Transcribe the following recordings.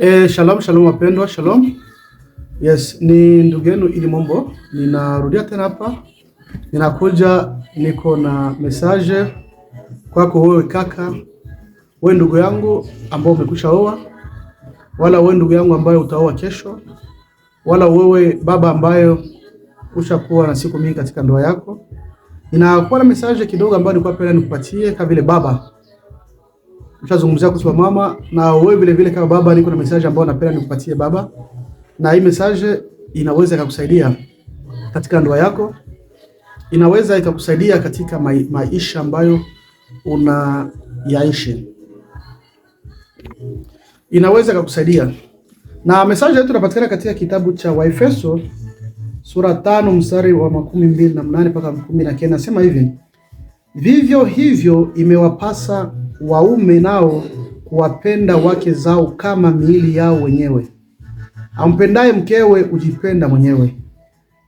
E, shalom shalom wapendwa, shalom. Yes, ni ndugu yenu Ili Mombo, ninarudia tena hapa, ninakuja niko na message kwako wewe kaka, wewe ndugu yangu ambao umekwisha oa, wala wewe ndugu yangu ambaye utaoa kesho, wala wewe baba ambayo ushakuwa na siku mingi katika ndoa yako, ninakuwa na message kidogo ambayo nilikuwa napenda nikupatie kama vile baba ushazungumzia kuhusu mama, na wewe vile vile kama baba, niko na message ambayo napenda nikupatie baba, na hii message inaweza ikakusaidia katika ndoa yako, inaweza ikakusaidia katika ma maisha ambayo unayaishi, inaweza ikakusaidia. Na message yetu inapatikana katika kitabu cha Waefeso sura tano mstari wa makumi mbili na mnane mpaka makumi na kenda. Nasema hivi: vivyo hivyo imewapasa waume nao kuwapenda wake zao kama miili yao wenyewe. Ampendaye mkewe ujipenda mwenyewe,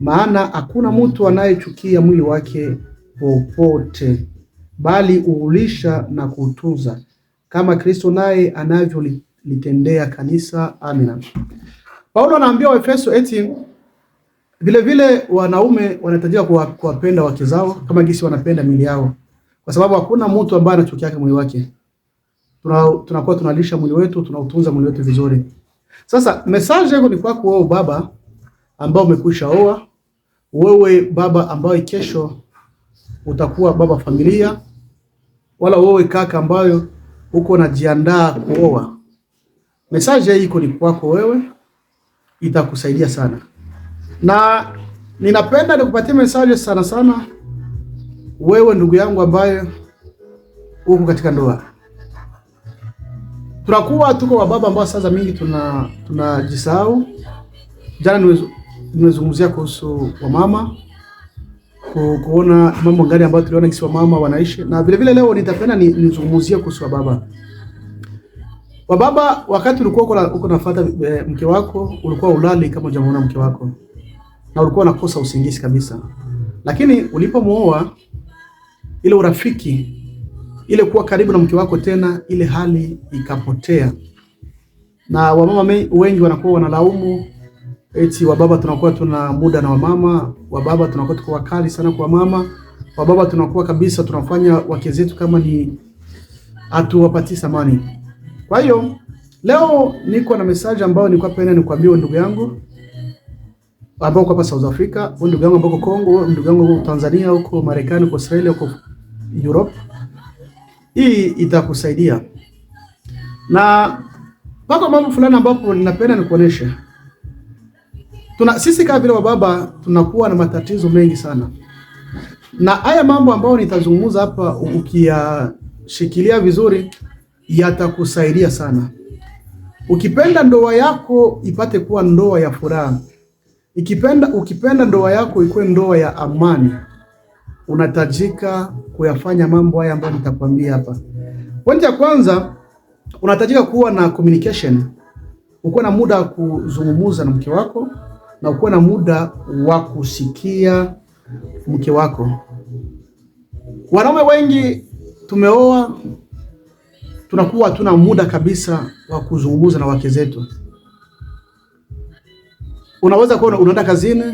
maana hakuna mtu anayechukia mwili wake popote, bali uulisha na kuutunza kama Kristo naye anavyolitendea kanisa. Amina. Paulo anaambia Waefeso eti vilevile wanaume wanatakiwa kuwapenda wake zao kama jinsi wanapenda miili yao kwa sababu hakuna mtu ambaye anachukia yake mwili wake. Tunakuwa tunalisha mwili wetu, tunautunza mwili wetu vizuri. Sasa message yangu ni kwako wewe baba ambao umekwisha oa, wewe baba ambaye kesho utakuwa baba familia, wala wewe kaka ambayo uko najiandaa kuoa. Message hii iko ni kwako wewe, itakusaidia sana, na ninapenda nikupatie message sana sana wewe ndugu yangu ambaye uko katika ndoa, tunakuwa tuko wababa ambao sasa mingi tuna tunajisahau. Jana nimezungumzia kuhusu wamama kuona mambo gani ambayo tuliona kisi wamama wanaishi, na vile vile leo nitapenda nizungumzie kuhusu wababa. Wababa, wakati ulikuwa uko nafuata e, eh, mke wako ulikuwa ulali kama hujamuona mke wako na ulikuwa unakosa usingizi kabisa, lakini ulipomwoa ile urafiki, ile kuwa karibu na mke wako tena, ile hali ikapotea. Na wamama wengi wanakuwa wanalaumu eti wababa tunakuwa tuna muda na wamama, wababa tunakuwa tuko wakali sana kwa mama, wababa tunakuwa kabisa tunafanya wake zetu kama ni hatuwapatii samani. Kwa hiyo leo niko na message ambayo nilikuwa pena nikwambie ndugu yangu ambao uko hapa South Africa, ndugu yangu ambao uko Kongo, ndugu yangu uko Tanzania, uko Marekani, uko Australia, uko Europe. Hii itakusaidia na pako mambo fulani ambapo ninapenda nikuoneshe. Tuna sisi kama vile wababa tunakuwa na matatizo mengi sana, na haya mambo ambayo nitazungumza hapa, ukiyashikilia vizuri, yatakusaidia sana. Ukipenda ndoa yako ipate kuwa ndoa ya furaha, ikipenda ukipenda ndoa yako ikuwe ndoa ya amani, unatajika kuyafanya mambo haya ambayo nitakwambia hapa. Pointi ya kwanza, unahitajika kuwa na communication, ukuwe na muda wa kuzungumza na mke wako na ukuwe na muda wa kusikia mke wako. Wanaume wengi tumeoa tunakuwa hatuna muda kabisa wa kuzungumza na wake zetu. Unaweza kuwa unaenda kazini,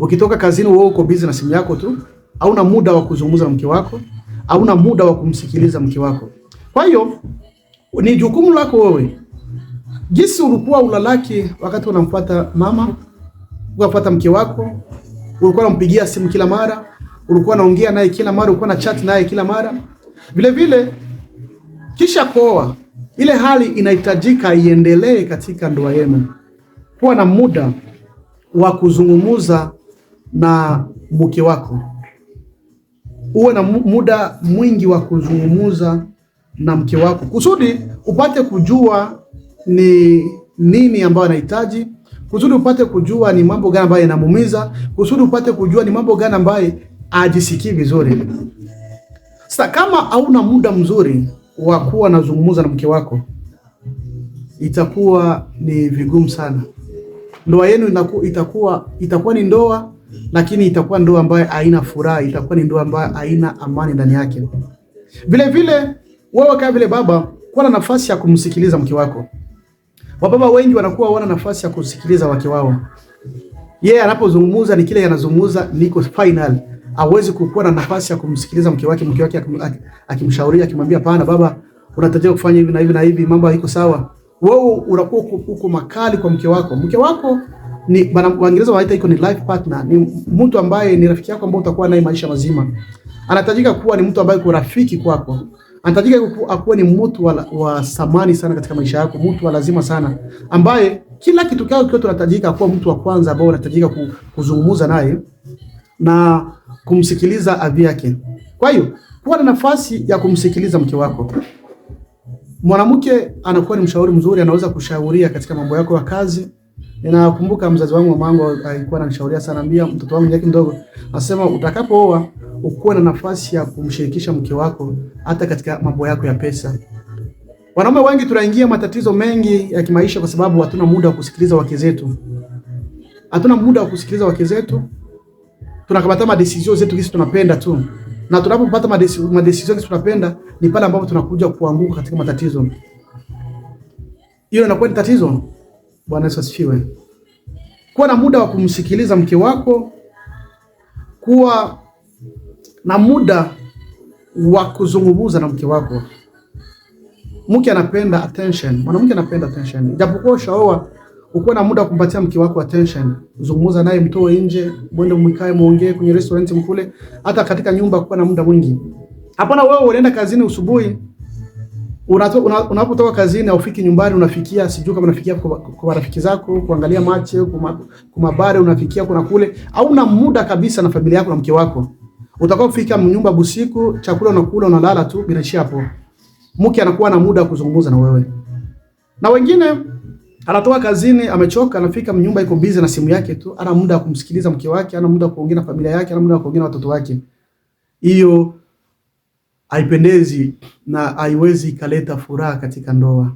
ukitoka kazini wewe uko busy na simu yako tu hauna muda wa kuzungumza mke wako, hauna muda wa kumsikiliza mke wako. Kwa hiyo ni jukumu lako wewe, jinsi ulikuwa ulalaki wakati unamfuata mama, ukapata mke wako, ulikuwa unampigia simu kila mara, ulikuwa unaongea naye kila mara, ulikuwa na chat naye kila mara. Vile vile kisha kuoa, ile hali inahitajika iendelee katika ndoa yenu. Kuwa na muda wa kuzungumza na mke wako uwe na muda mwingi wa kuzungumza na mke wako kusudi upate kujua ni nini ambayo anahitaji, kusudi upate kujua ni mambo gani ambayo yanamuumiza, kusudi upate kujua ni mambo gani ambayo ajisikii vizuri. Sasa kama hauna muda mzuri wa kuwa nazungumza na mke wako, itakuwa ni vigumu sana, ndoa yenu itakuwa itakuwa ni ndoa lakini itakuwa ndoa ambayo haina furaha, itakuwa ni ndoa ambayo haina amani ndani yake. Vile vile wewe kama vile baba, kuwa na nafasi ya kumsikiliza mke wako. Wababa wengi wanakuwa wana nafasi ya kusikiliza wake wao. Yeye yeah, anapozungumza ni kile yanazungumza niko final. Hawezi kukuwa na nafasi ya kumsikiliza mke wake, mke wake akimshauri, akimwambia pana, baba, unatakiwa kufanya hivi na hivi na hivi, mambo haiko sawa. Wewe unakuwa uko makali kwa mke wako. Mke wako ni Waingereza wanaita iko ni life partner, ni mtu ambaye ni rafiki yako ambaye utakuwa naye maisha mazima. Anatajika kuwa ni mtu ambaye ni rafiki kwako, anatajika akuwa ni mtu wa, wa samani sana katika maisha yako, mtu wa lazima sana, ambaye kila kitu kiao kiote unatajika kuwa mtu wa kwanza ambao unatajika kuzungumza naye na kumsikiliza adhi yake. Kwa hiyo kuwa na nafasi ya kumsikiliza mke wako. Mwanamke anakuwa ni mshauri mzuri, anaweza kushauria katika mambo yako ya kazi Ninakumbuka mzazi wangu mamangu alikuwa ananishauria sana, ambia mtoto wangu yake mdogo, asema utakapooa ukuwe na nafasi ya kumshirikisha mke wako hata katika mambo yako ya pesa. Wanaume wengi tunaingia matatizo mengi ya kimaisha kwa sababu hatuna muda wa kusikiliza wake zetu, hatuna muda wa kusikiliza wake zetu. Tunakamata madesizio zetu kisi tunapenda tu, na tunapopata madesizio kisi tunapenda ni pale ambapo tunakuja kuanguka katika matatizo. Hiyo inakuwa ni tatizo. Bwana Yesu asifiwe. Kuwa na muda wa kumsikiliza mke wako, kuwa na muda wa kuzungumza na mke wako. Mke anapenda attention, mwanamke anapenda attention. Japokuwa ushaoa, ukuwa na muda wa kumpatia mke wako attention, zungumza naye, mtoe nje, mwende mwikae, muongee kwenye restaurant, mkule, hata katika nyumba, kuwa na muda mwingi. Hapana wewe unaenda kazini usubuhi unapotoka una, una kazini aufiki nyumbani, unafikia sijui kama unafikia kwa marafiki zako kuangalia mache kwa mabare, unafikia kuna kule, au hauna muda kabisa na familia yako na mke wako. Utakao kufika nyumba busiku, chakula unakula, unalala tu, bila hapo. Mke anakuwa na muda kuzungumza na wewe. Na wengine anatoka kazini amechoka, anafika nyumba iko busy na simu yake tu, ana muda wa kumsikiliza mke wake, ana muda wa kuongea na familia yake, ana muda wa kuongea na watoto wake. Hiyo haipendezi na haiwezi ikaleta furaha katika ndoa,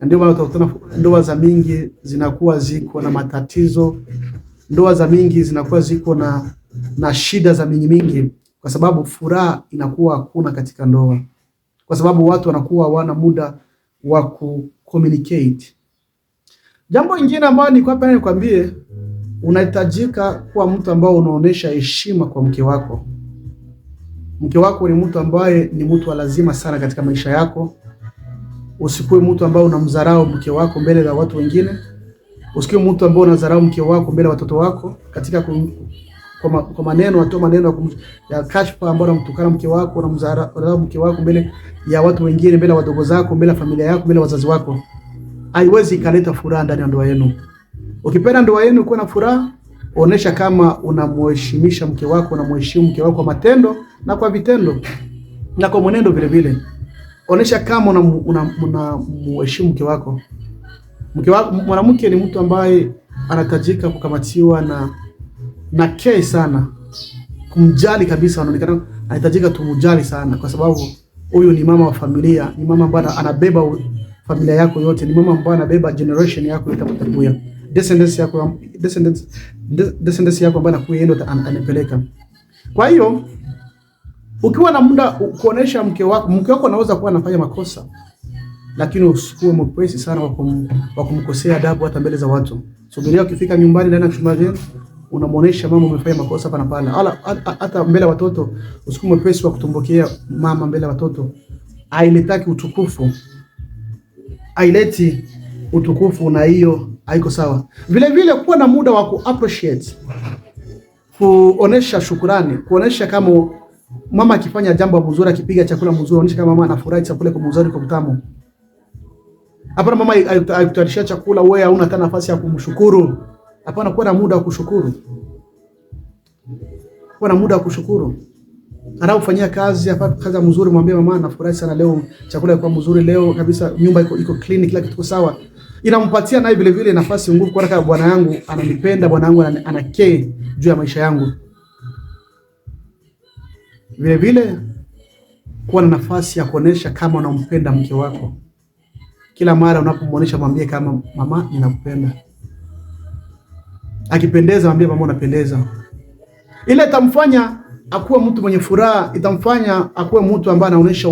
na ndio maana utakutana ndoa za mingi zinakuwa ziko na matatizo, ndoa za mingi zinakuwa ziko na, na shida za mingi mingi, kwa sababu furaha inakuwa hakuna katika ndoa, kwa sababu watu wanakuwa hawana muda wa ku communicate. Jambo lingine ambalo nikwambie unahitajika kuwa mtu ambao unaonesha heshima kwa mke wako. Mke wako ni mtu ambaye ni mtu wa lazima sana katika maisha yako. Usikuwe mtu ambaye unamdharau mke wako mbele za watu wengine. Usikuwe mtu ambaye unadharau mke wako mbele ya watoto wako katika kum, kwa, ma, kwa maneno atoa maneno ya kashfa ambayo unamtukana mke wako, unamdharau mke wako mbele ya watu wengine, mbele ya wadogo zako, mbele ya familia yako, mbele ya wazazi wako. Haiwezi ikaleta furaha ndani ya ndoa yenu. Ukipenda ndoa yenu kuwa na furaha Onesha kama unamuheshimisha mke wako, unamuheshimu mke wako kwa matendo na kwa vitendo na kwa mwenendo vile vile. Onesha kama unamheshimu mke wako. Mke wako mwanamke ni mtu ambaye anatajika kukamatiwa na na kei sana, kumjali kabisa. Anaonekana anahitajika tumjali sana, kwa sababu huyu ni mama wa familia, ni mama ambaye anabeba familia yako yote, ni mama ambaye anabeba generation yako itakuja descendants yako descendants descendants ambayo anakuenda anapeleka. Kwa hiyo ukiwa na muda kuonesha mke wako, mke wako anaweza kuwa anafanya makosa, lakini usikuwe mwepesi sana wa kumkosea adabu hata mbele za watu. Subiria ukifika nyumbani ndani ya chumba chenu unamuonesha mama umefanya makosa hapa na pale, hata mbele ya watoto. Usikuwe mwepesi wa kutumbukia mama mbele ya watoto, ailetaki utukufu aileti utukufu na hiyo haiko sawa. Vile vile kuwa na muda wa ku appreciate, kuonesha shukurani, kuonesha kama mama akifanya jambo mzuri, akipiga chakula mzuri, onesha kama mama anafurahi chakula kwa mzuri, kwa mtamu. Hapana, mama aikutayarishia chakula, wewe hauna hata nafasi ya kumshukuru. Hapana, kuwa na muda wa kushukuru, kuwa na muda wa kushukuru fanyia kazi hapa kazi mzuri, mwambie mama, nafurahi sana leo, chakula ilikuwa mzuri leo kabisa, nyumba iko iko clean, kila kitu sawa inampatia naye vile vile nafasi nguvu kwa sababu bwana yangu ananipenda, bwana yangu anakee juu ya maisha yangu. Vile vile kuwa na nafasi ya kuonesha kama unampenda mke wako. Kila mara unapomwonesha, mwambie kama mama, ninakupenda. Akipendeza mwambie mama, unapendeza. Ile itamfanya akuwe mtu mwenye furaha, itamfanya akuwe mtu ambaye anaonesha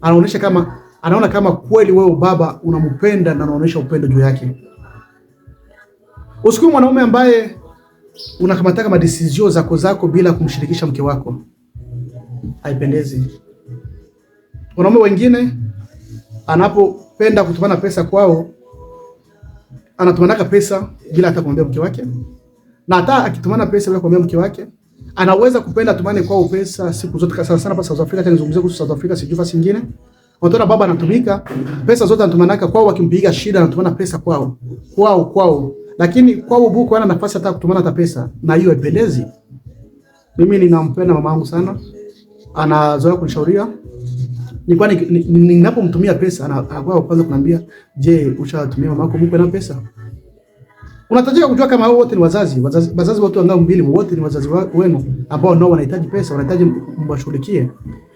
anaonesha kama anaona kama kweli wewe baba unampenda na unaonyesha upendo juu yake. Usiku mwanaume ambaye unakamataka madesizio zako zako bila kumshirikisha mke wako, haipendezi. Wanaume wengine anapopenda kutumana pesa kwao, anatumanaka pesa bila hata kumwambia mke wake, na hata akitumana pesa bila kumwambia mke wake anaweza kupenda tumane kwao pesa siku zote, sana sana pa South Africa. Tena nizungumzie kuhusu South Africa, sijui fasi nyingine Utaona baba anatumika pesa zote, anatumanaka kwao, wakimpiga shida anatumana pesa kwao kwao kwao, lakini kwao buku ana nafasi hata kutumana hata pesa, na hiyo haipendezi. Mimi ninampenda mama yangu sana, anazoea kunishauria ni nilikuwa ninapomtumia pesa anakuwa kwanza kunambia, je, ushatumia mama yako mkwe na pesa? Unatajika kujua kama wao wote ni wazazi, wazazi, wazazi wote wangao mbili, wote ni wazazi wenu ambao nao wanahitaji pesa, wanahitaji mbashughulikie.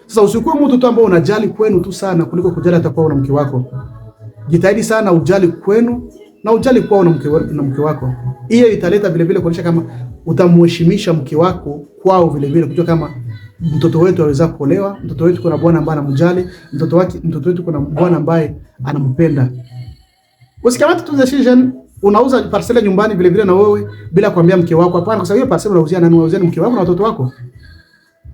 Sasa usikue mtu tu ambaye unajali kwenu tu sana kuliko kujali hata kwao na mke wako. Jitahidi sana ujali kwenu na ujali kwao na mke, na mke wako. Hiyo italeta vile vile kuonesha kama utamheshimisha mke wako kwao vile vile kujua kama mtoto wetu aweza kuolewa, mtoto wetu kuna bwana ambaye anamjali, mtoto wake, mtoto wetu kuna bwana ambaye anampenda. Usikamate tu decision unauza parcela nyumbani vile vile na wewe bila kuambia mke wako hapana, kwa sababu hiyo parcela unauzia nani? Unauzia mke wako na watoto wako.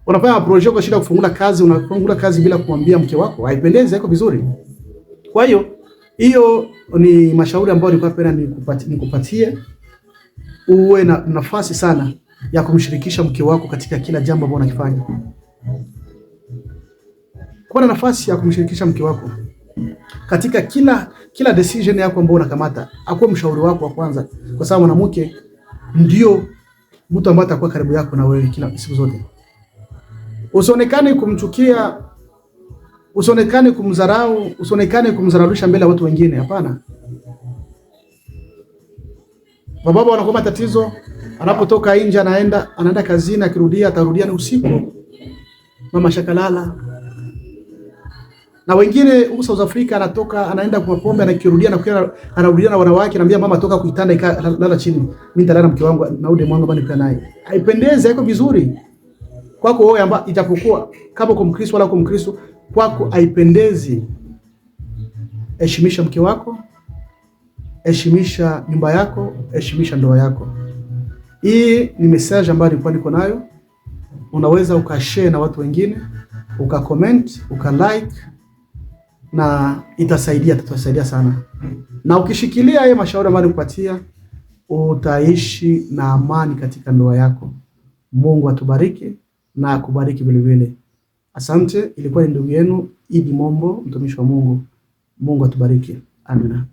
Unafanya approach kwa shida kufungula kazi, unafungula kazi bila kuambia mke wako. Haipendezi, haiko vizuri. Kwa hiyo hiyo ni mashauri ambayo nilikuwa napenda nikupatie, nikupatie uwe na nafasi sana ya kumshirikisha mke wako katika kila jambo ambalo unakifanya. Kuwa na nafasi ya kumshirikisha mke wako katika kila kila decision yako ambayo unakamata, akuwe mshauri wako wa kwanza, kwa sababu mwanamke ndio mtu ambaye atakuwa karibu yako na wewe kila siku zote usionekane kumchukia, usionekane kumdharau, usionekane kumdharaulisha mbele ya watu wengine. Hapana, mababa wanakuwa tatizo. Anapotoka nje, anaenda anaenda kazini, akirudia atarudia ni usiku, mama shakalala na wengine huko South Africa anatoka anaenda kwa pombe anakirudia na anarudia na wanawake, anambia mama toka kuitanda ikalala chini, mimi nitalala mke wangu na ude mwangu bali kwa naye. Haipendezi, haiko vizuri kwako wewe, ambaye itapokuwa kama uko Mkristo wala uko Mkristo, kwako haipendezi. Heshimisha mke wako, heshimisha nyumba yako, heshimisha ndoa yako. Hii ni message ambayo nilikuwa niko nayo. Unaweza ukashare na watu wengine, uka ukalike na itasaidia, tutasaidia sana. Na ukishikilia haya mashauri ambayo nikupatia, utaishi na amani katika ndoa yako. Mungu atubariki na akubariki vile vile. Asante, ilikuwa ni ndugu yenu Idi Mombo, mtumishi wa Mungu. Mungu atubariki. Amina.